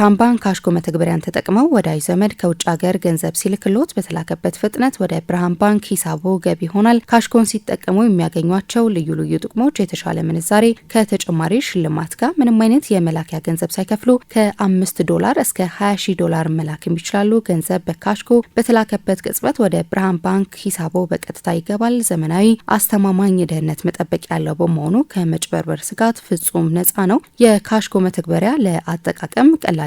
የብርሃን ባንክ ካሽኮ መተግበሪያን ተጠቅመው ወዳጅ ዘመድ ከውጭ ሀገር ገንዘብ ሲልክሎት በተላከበት ፍጥነት ወደ ብርሃን ባንክ ሂሳቦ ገቢ ይሆናል። ካሽኮን ሲጠቀሙ የሚያገኟቸው ልዩ ልዩ ጥቅሞች የተሻለ ምንዛሬ ከተጨማሪ ሽልማት ጋር ምንም አይነት የመላኪያ ገንዘብ ሳይከፍሉ ከአምስት ዶላር እስከ 20 ሺህ ዶላር መላክ የሚችላሉ። ገንዘብ በካሽኮ በተላከበት ቅጽበት ወደ ብርሃን ባንክ ሂሳቦ በቀጥታ ይገባል። ዘመናዊ፣ አስተማማኝ ደህንነት መጠበቅ ያለው በመሆኑ ከመጭበርበር ስጋት ፍጹም ነፃ ነው። የካሽኮ መተግበሪያ ለአጠቃቀም ቀላል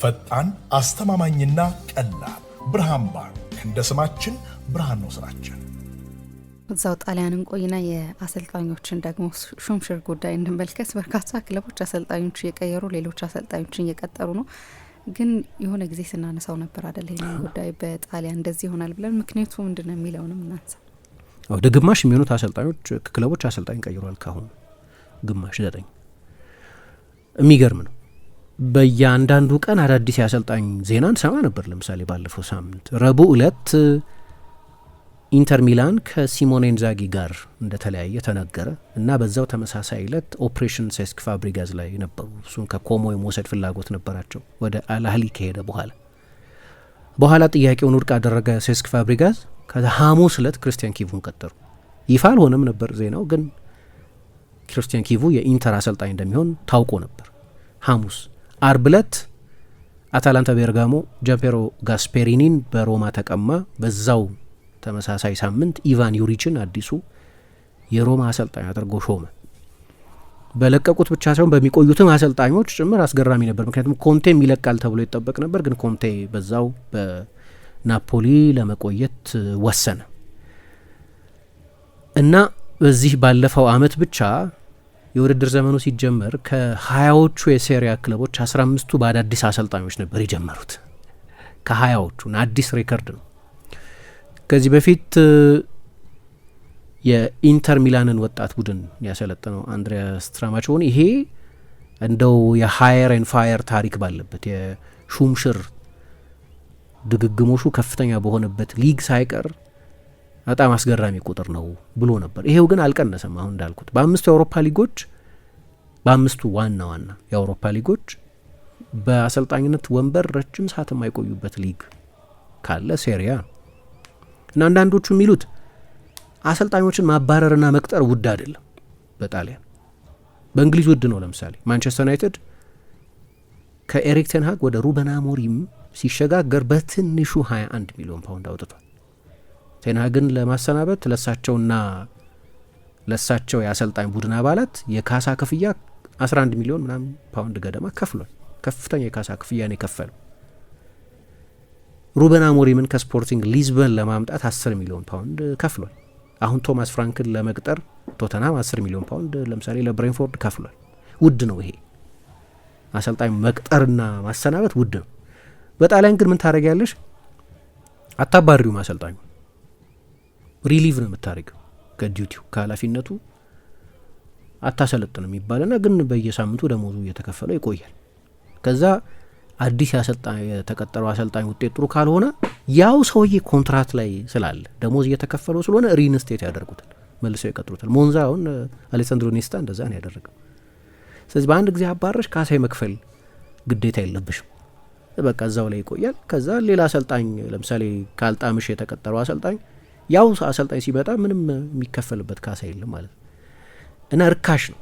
ፈጣን አስተማማኝና ቀላል ብርሃን ባንክ። እንደ ስማችን ብርሃን ነው ስራችን። እዛው ጣሊያንን ቆይና የአሰልጣኞችን ደግሞ ሹምሽር ጉዳይ እንመልከት። በርካታ ክለቦች አሰልጣኞች እየቀየሩ ሌሎች አሰልጣኞችን እየቀጠሩ ነው። ግን የሆነ ጊዜ ስናነሳው ነበር አደለ? ይህንን ጉዳይ በጣሊያን እንደዚህ ይሆናል ብለን ምክንያቱ ምንድን ነው የሚለውንም እናንሳ። ወደ ግማሽ የሚሆኑት አሰልጣኞች ክለቦች አሰልጣኝ ቀይሯል። ካሁን ግማሽ ዘጠኝ የሚገርም ነው። በእያንዳንዱ ቀን አዳዲስ የአሰልጣኝ ዜናን ሰማ ነበር። ለምሳሌ ባለፈው ሳምንት ረቡዕ ዕለት ኢንተር ሚላን ከሲሞኔ ኢንዛጊ ጋር እንደተለያየ ተነገረ እና በዛው ተመሳሳይ ዕለት ኦፕሬሽን ሴስክ ፋብሪጋዝ ላይ ነበሩ። እሱን ከኮሞ የመውሰድ ፍላጎት ነበራቸው ወደ አልአህሊ ከሄደ በኋላ በኋላ ጥያቄውን ውድቅ አደረገ ሴስክ ፋብሪጋዝ። ከዛ ሐሙስ ዕለት ክርስቲያን ኪቡን ቀጠሩ። ይፋ አልሆነም ነበር ዜናው፣ ግን ክርስቲያን ኪቡ የኢንተር አሰልጣኝ እንደሚሆን ታውቆ ነበር ሐሙስ አርብ ዕለት አታላንታ ቤርጋሞ ጃምፔሮ ጋስፔሪኒን በሮማ ተቀማ። በዛው ተመሳሳይ ሳምንት ኢቫን ዩሪችን አዲሱ የሮማ አሰልጣኝ አድርጎ ሾመ። በለቀቁት ብቻ ሳይሆን በሚቆዩትም አሰልጣኞች ጭምር አስገራሚ ነበር። ምክንያቱም ኮንቴም ይለቃል ተብሎ ይጠበቅ ነበር፣ ግን ኮንቴ በዛው በናፖሊ ለመቆየት ወሰነ እና በዚህ ባለፈው አመት ብቻ የውድድር ዘመኑ ሲጀመር ከሀያዎቹ የሴሪያ ክለቦች አስራ አምስቱ በአዳዲስ አሰልጣኞች ነበር የጀመሩት። ከሀያዎቹን አዲስ ሬከርድ ነው። ከዚህ በፊት የኢንተር ሚላንን ወጣት ቡድን ያሰለጠነው አንድሪያ ስትራማቾኒ ይሄ እንደው የሀየር ኤን ፋየር ታሪክ ባለበት የሹምሽር ድግግሞሹ ከፍተኛ በሆነበት ሊግ ሳይቀር በጣም አስገራሚ ቁጥር ነው ብሎ ነበር። ይሄው ግን አልቀነሰም። አሁን እንዳልኩት በአምስቱ የአውሮፓ ሊጎች በአምስቱ ዋና ዋና የአውሮፓ ሊጎች በአሰልጣኝነት ወንበር ረጅም ሰዓት የማይቆዩበት ሊግ ካለ ሴሪያ ነው እና አንዳንዶቹ የሚሉት አሰልጣኞችን ማባረርና መቅጠር ውድ አይደለም። በጣሊያን በእንግሊዝ ውድ ነው። ለምሳሌ ማንቸስተር ዩናይትድ ከኤሪክ ቴንሃግ ወደ ሩበን አሞሪም ሲሸጋገር በትንሹ 21 ሚሊዮን ፓውንድ አውጥቷል። ቴንሃግን ለማሰናበት ለሳቸውና ለሳቸው የአሰልጣኝ ቡድን አባላት የካሳ ክፍያ 11 ሚሊዮን ምናምን ፓውንድ ገደማ ከፍሏል። ከፍተኛ የካሳ ክፍያ ነው የከፈለው። ሩበን አሞሪምን ከስፖርቲንግ ሊዝበን ለማምጣት 10 ሚሊዮን ፓውንድ ከፍሏል። አሁን ቶማስ ፍራንክን ለመቅጠር ቶተናም 10 ሚሊዮን ፓውንድ ለምሳሌ ለብሬንፎርድ ከፍሏል። ውድ ነው ይሄ አሰልጣኝ መቅጠርና ማሰናበት ውድ ነው። በጣሊያን ግን ምን ታደረግ ያለሽ አታባሪውም አሰልጣኙ ሪሊቭ ነው የምታደርገው ከዲዩቲው ከኃላፊነቱ አታሰለጥንም ይባልና ግን በየሳምንቱ ደሞዙ እየተከፈለ ይቆያል። ከዛ አዲስ የተቀጠረው አሰልጣኝ ውጤት ጥሩ ካልሆነ ያው ሰውዬ ኮንትራት ላይ ስላለ ደሞዝ እየተከፈለው ስለሆነ ሪንስቴት ያደርጉታል፣ መልሰው ይቀጥሩታል። ሞንዛ አሁን አሌሳንድሮ ኔስታ እንደዛ ነው ያደረገው። ስለዚህ በአንድ ጊዜ አባረሽ ካሳ መክፈል ግዴታ የለብሽም። በቃ እዛው ላይ ይቆያል። ከዛ ሌላ አሰልጣኝ ለምሳሌ ካልጣምሽ የተቀጠረው አሰልጣኝ ያው አሰልጣኝ ሲመጣ ምንም የሚከፈልበት ካሳ የለም ማለት ነው እና እርካሽ ነው።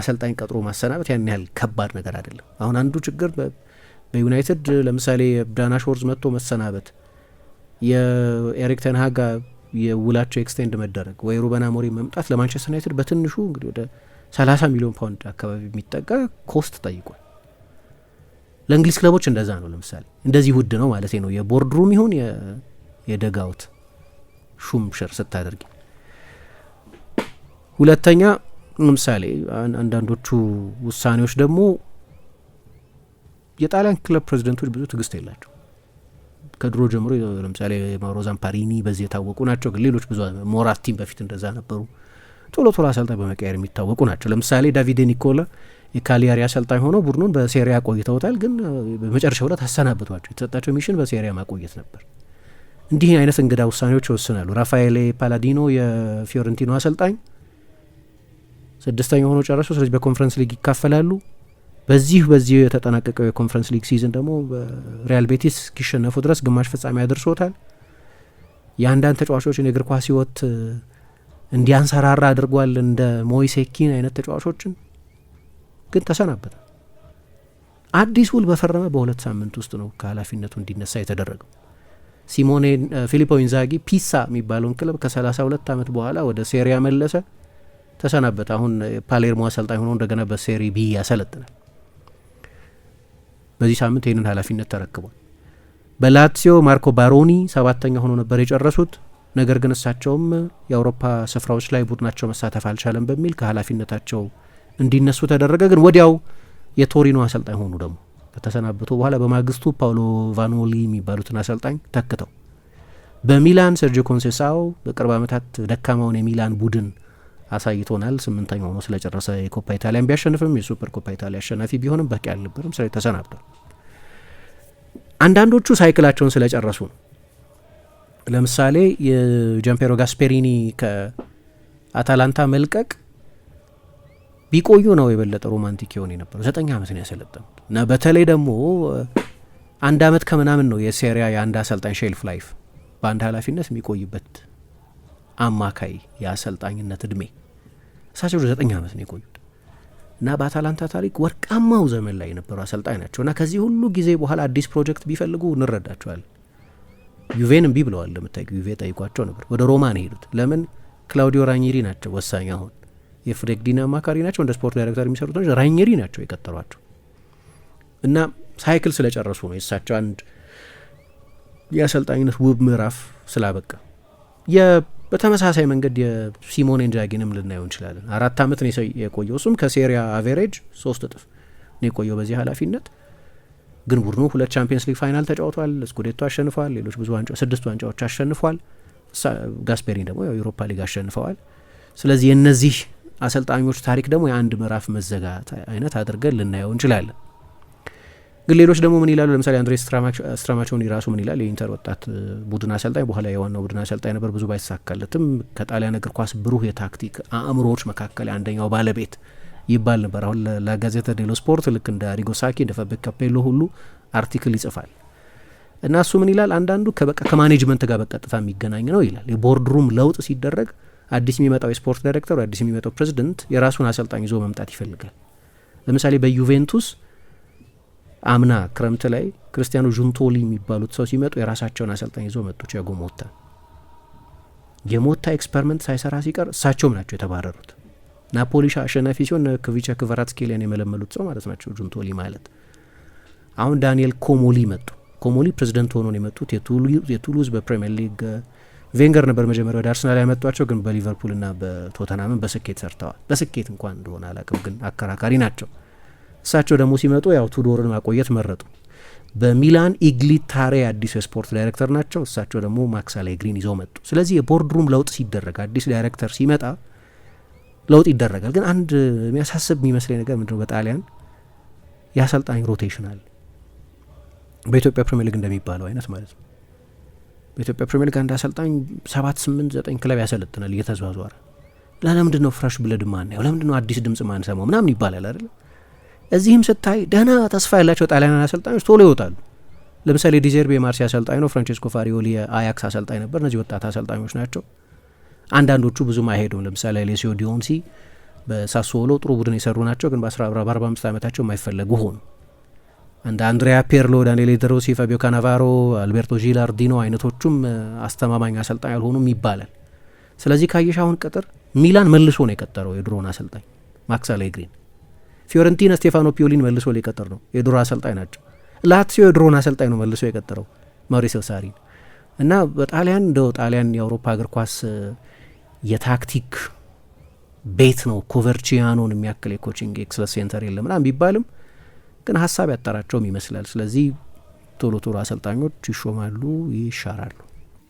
አሰልጣኝ ቀጥሮ ማሰናበት ያን ያህል ከባድ ነገር አይደለም። አሁን አንዱ ችግር በዩናይትድ ለምሳሌ ዳና ሾርዝ መጥቶ መሰናበት፣ የኤሪክ ተንሃጋ የውላቸው ኤክስቴንድ መደረግ ወይ ሩበን አሞሪም መምጣት ለማንቸስተር ዩናይትድ በትንሹ እንግዲህ ወደ 30 ሚሊዮን ፓውንድ አካባቢ የሚጠጋ ኮስት ጠይቋል። ለእንግሊዝ ክለቦች እንደዛ ነው። ለምሳሌ እንደዚህ ውድ ነው ማለት ነው የቦርድሩም ይሁን የደጋውት ሹም ሽር ስታደርጊ። ሁለተኛ ለምሳሌ አንዳንዶቹ ውሳኔዎች ደግሞ የጣሊያን ክለብ ፕሬዚደንቶች ብዙ ትዕግስት የላቸው። ከድሮ ጀምሮ ለምሳሌ ማውሮ ዛምፓሪኒ በዚህ የታወቁ ናቸው። ግን ሌሎች ብዙ ሞራቲም በፊት እንደዛ ነበሩ። ቶሎ ቶሎ አሰልጣኝ በመቀየር የሚታወቁ ናቸው። ለምሳሌ ዳቪዴ ኒኮላ የካሊያሪ አሰልጣኝ ሆነው ቡድኑን በሴሪያ ቆይተውታል። ግን በመጨረሻ ሁለት አሰናብቷቸው የተሰጣቸው ሚሽን በሴሪያ ማቆየት ነበር። እንዲህ አይነት እንግዳ ውሳኔዎች ይወስናሉ። ራፋኤሌ ፓላዲኖ የፊዮረንቲኖ አሰልጣኝ ስድስተኛ ሆኖ ጨረሱ። ስለዚህ በኮንፈረንስ ሊግ ይካፈላሉ። በዚህ በዚህ የተጠናቀቀው የኮንፈረንስ ሊግ ሲዝን ደግሞ በሪያል ቤቲስ እስኪሸነፉ ድረስ ግማሽ ፍጻሜ አድርሶታል። የአንዳንድ ተጫዋቾችን የእግር ኳስ ህይወት እንዲያንሰራራ አድርጓል። እንደ ሞይሴኪን አይነት ተጫዋቾችን ግን ተሰናበተ። አዲስ ውል በፈረመ በሁለት ሳምንት ውስጥ ነው ከኃላፊነቱ እንዲነሳ የተደረገው። ሲሞኔ ፊሊፖ ኢንዛጊ ፒሳ የሚባለውን ክለብ ከ32 ዓመት በኋላ ወደ ሴሪያ መለሰ፣ ተሰናበት አሁን ፓሌርሞ አሰልጣኝ ሆኖ እንደገና በሴሪ ቢ ያሰለጥናል። በዚህ ሳምንት ይህንን ኃላፊነት ተረክቧል። በላትሲዮ ማርኮ ባሮኒ ሰባተኛ ሆኖ ነበር የጨረሱት። ነገር ግን እሳቸውም የአውሮፓ ስፍራዎች ላይ ቡድናቸው መሳተፍ አልቻለም በሚል ከኃላፊነታቸው እንዲነሱ ተደረገ። ግን ወዲያው የቶሪኖ አሰልጣኝ ሆኑ ደግሞ ተሰናብቶ በኋላ በማግስቱ ፓውሎ ቫኖሊ የሚባሉትን አሰልጣኝ ተክተው በሚላን ሰርጆ ኮንሴሳው በቅርብ ዓመታት ደካማውን የሚላን ቡድን አሳይቶናል። ስምንተኛ ሆኖ ስለጨረሰ የኮፓ ኢታሊያን ቢያሸንፍም የሱፐር ኮፓ ኢታሊያ አሸናፊ ቢሆንም በቂ አልነበርም። ስለ ተሰናብቷል። አንዳንዶቹ ሳይክላቸውን ስለጨረሱ ነው። ለምሳሌ የጃምፔሮ ጋስፔሪኒ ከአታላንታ መልቀቅ ቢቆዩ ነው የበለጠ ሮማንቲክ የሆን የነበረው። ዘጠኝ ዓመት ነው ያሰለጠኑት እና በተለይ ደግሞ አንድ ዓመት ከምናምን ነው የሴሪያ የአንድ አሰልጣኝ ሼልፍ ላይፍ በአንድ ኃላፊነት የሚቆይበት አማካይ የአሰልጣኝነት እድሜ። እሳቸው ዘጠኝ ዓመት ነው የቆዩት እና በአታላንታ ታሪክ ወርቃማው ዘመን ላይ የነበሩ አሰልጣኝ ናቸው እና ከዚህ ሁሉ ጊዜ በኋላ አዲስ ፕሮጀክት ቢፈልጉ እንረዳቸዋለን። ዩቬን እምቢ ብለዋል። እንደምታውቁ ዩቬ ጠይቋቸው ነበር። ወደ ሮማ ነው የሄዱት። ለምን? ክላውዲዮ ራኒሪ ናቸው ወሳኝ አሁን የፍሬግዲን አማካሪ ናቸው። እንደ ስፖርት ዳይሬክተር የሚሰሩት ነው ራኘሪ ናቸው የቀጠሯቸው እና ሳይክል ስለጨረሱ ነው የእሳቸው አንድ የአሰልጣኝነት ውብ ምዕራፍ ስላበቃ። በተመሳሳይ መንገድ የሲሞኔ ኢንዛጊንም ልናየው እንችላለን። አራት ዓመት ነው የቆየው እሱም ከሴሪያ አቬሬጅ ሶስት እጥፍ ነው የቆየው በዚህ ኃላፊነት ግን ቡድኑ ሁለት ቻምፒየንስ ሊግ ፋይናል ተጫውቷል፣ ስኩዴቶ አሸንፏል፣ ሌሎች ብዙ ስድስት ዋንጫዎች አሸንፏል። ጋስፔሪን ደግሞ የአውሮፓ ሊግ አሸንፈዋል። ስለዚህ የእነዚህ አሰልጣኞች ታሪክ ደግሞ የአንድ ምዕራፍ መዘጋት አይነት አድርገን ልናየው እንችላለን። ግን ሌሎች ደግሞ ምን ይላሉ? ለምሳሌ አንድሬ ስትራማቾኒ ራሱ ምን ይላል? የኢንተር ወጣት ቡድን አሰልጣኝ፣ በኋላ የዋናው ቡድን አሰልጣኝ ነበር። ብዙ ባይሳካለትም ከጣሊያን እግር ኳስ ብሩህ የታክቲክ አእምሮዎች መካከል አንደኛው ባለቤት ይባል ነበር። አሁን ለጋዜተ ዴሎ ስፖርት ልክ እንደ ሪጎሳኪ እንደ ፈቤ ካፔሎ ሁሉ አርቲክል ይጽፋል እና እሱ ምን ይላል? አንዳንዱ ከማኔጅመንት ጋር በቀጥታ የሚገናኝ ነው ይላል። የቦርድሩም ለውጥ ሲደረግ አዲስ የሚመጣው የስፖርት ዳይሬክተር አዲስ የሚመጣው ፕሬዚደንት የራሱን አሰልጣኝ ይዞ መምጣት ይፈልጋል። ለምሳሌ በዩቬንቱስ አምና ክረምት ላይ ክርስቲያኖ ጁንቶሊ የሚባሉት ሰው ሲመጡ የራሳቸውን አሰልጣኝ ይዞ መጡ፣ ቲያጎ ሞታ። የሞታ ኤክስፐሪመንት ሳይሰራ ሲቀር እሳቸውም ናቸው የተባረሩት። ናፖሊ አሸናፊ ሲሆን ክቪቻ ክቫራትስኬሊያን የመለመሉት ሰው ማለት ናቸው ጁንቶሊ ማለት። አሁን ዳንኤል ኮሞሊ መጡ። ኮሞሊ ፕሬዚደንት ሆኖ ነው የመጡት። የቱሉዝ በፕሪምየር ሊግ ቬንገር ነበር መጀመሪያ ወደ አርሰናል ያመጧቸው፣ ግን በሊቨርፑልና በቶተናምን በስኬት ሰርተዋል። በስኬት እንኳን እንደሆነ አላቅም፣ ግን አከራካሪ ናቸው። እሳቸው ደግሞ ሲመጡ ያው ቱዶርን ማቆየት መረጡ። በሚላን ኢግሊታሬ አዲሱ የስፖርት ዳይሬክተር ናቸው። እሳቸው ደግሞ ማክስ አሌግሪን ይዘው መጡ። ስለዚህ የቦርድሩም ለውጥ ሲደረግ አዲስ ዳይሬክተር ሲመጣ ለውጥ ይደረጋል። ግን አንድ የሚያሳስብ የሚመስለኝ ነገር ምንድነው፣ በጣሊያን የአሰልጣኝ ሮቴሽናል በኢትዮጵያ ፕሪሚየር ሊግ እንደሚባለው አይነት ማለት ነው በኢትዮጵያ ፕሪሚየር ሊግ አንድ አሰልጣኝ ሰባት ስምንት ዘጠኝ ክለብ ያሰለጥናል እየተዟዟረ። ለምንድን ነው ፍራሽ ብለድ ማናየው? ለምንድን ነው አዲስ ድምጽ ማንሰማው? ምናምን ይባላል አይደለም። እዚህም ስታይ ደህና ተስፋ ያላቸው ጣሊያናን አሰልጣኞች ቶሎ ይወጣሉ። ለምሳሌ ዲዘርቢ ማርሲ አሰልጣኝ ነው። ፍራንቼስኮ ፋሪዮሊ የአያክስ አሰልጣኝ ነበር። እነዚህ ወጣት አሰልጣኞች ናቸው። አንዳንዶቹ ብዙም አይሄዱም። ለምሳሌ ሌሲዮ ዲዮንሲ በሳሶሎ ጥሩ ቡድን የሰሩ ናቸው፣ ግን በ45 ዓመታቸው የማይፈለጉ ሆኑ። እንደ አንድሪያ ፔርሎ፣ ዳንኤሌ ደሮሲ፣ ፋቢዮ ካናቫሮ፣ አልቤርቶ ጂላርዲኖ አይነቶቹም አስተማማኝ አሰልጣኝ ያልሆኑም ይባላል። ስለዚህ ካየሽ አሁን ቅጥር ሚላን መልሶ ነው የቀጠረው የድሮን አሰልጣኝ ማክስ አሌግሪን። ፊዮረንቲና ስቴፋኖ ፒዮሊን መልሶ ሊቀጥር ነው፣ የድሮ አሰልጣኝ ናቸው። ላትሲዮ የድሮን አሰልጣኝ ነው መልሶ የቀጠረው ማውሪሲዮ ሳሪን እና በጣሊያን እንደው ጣሊያን የአውሮፓ እግር ኳስ የታክቲክ ቤት ነው ኮቨርቺያኖን የሚያክል የኮችንግ ኤክስለስ ሴንተር የለም ምናምን ቢባልም ግን ሀሳብ ያጠራቸውም ይመስላል። ስለዚህ ቶሎ ቶሎ አሰልጣኞች ይሾማሉ፣ ይሻራሉ።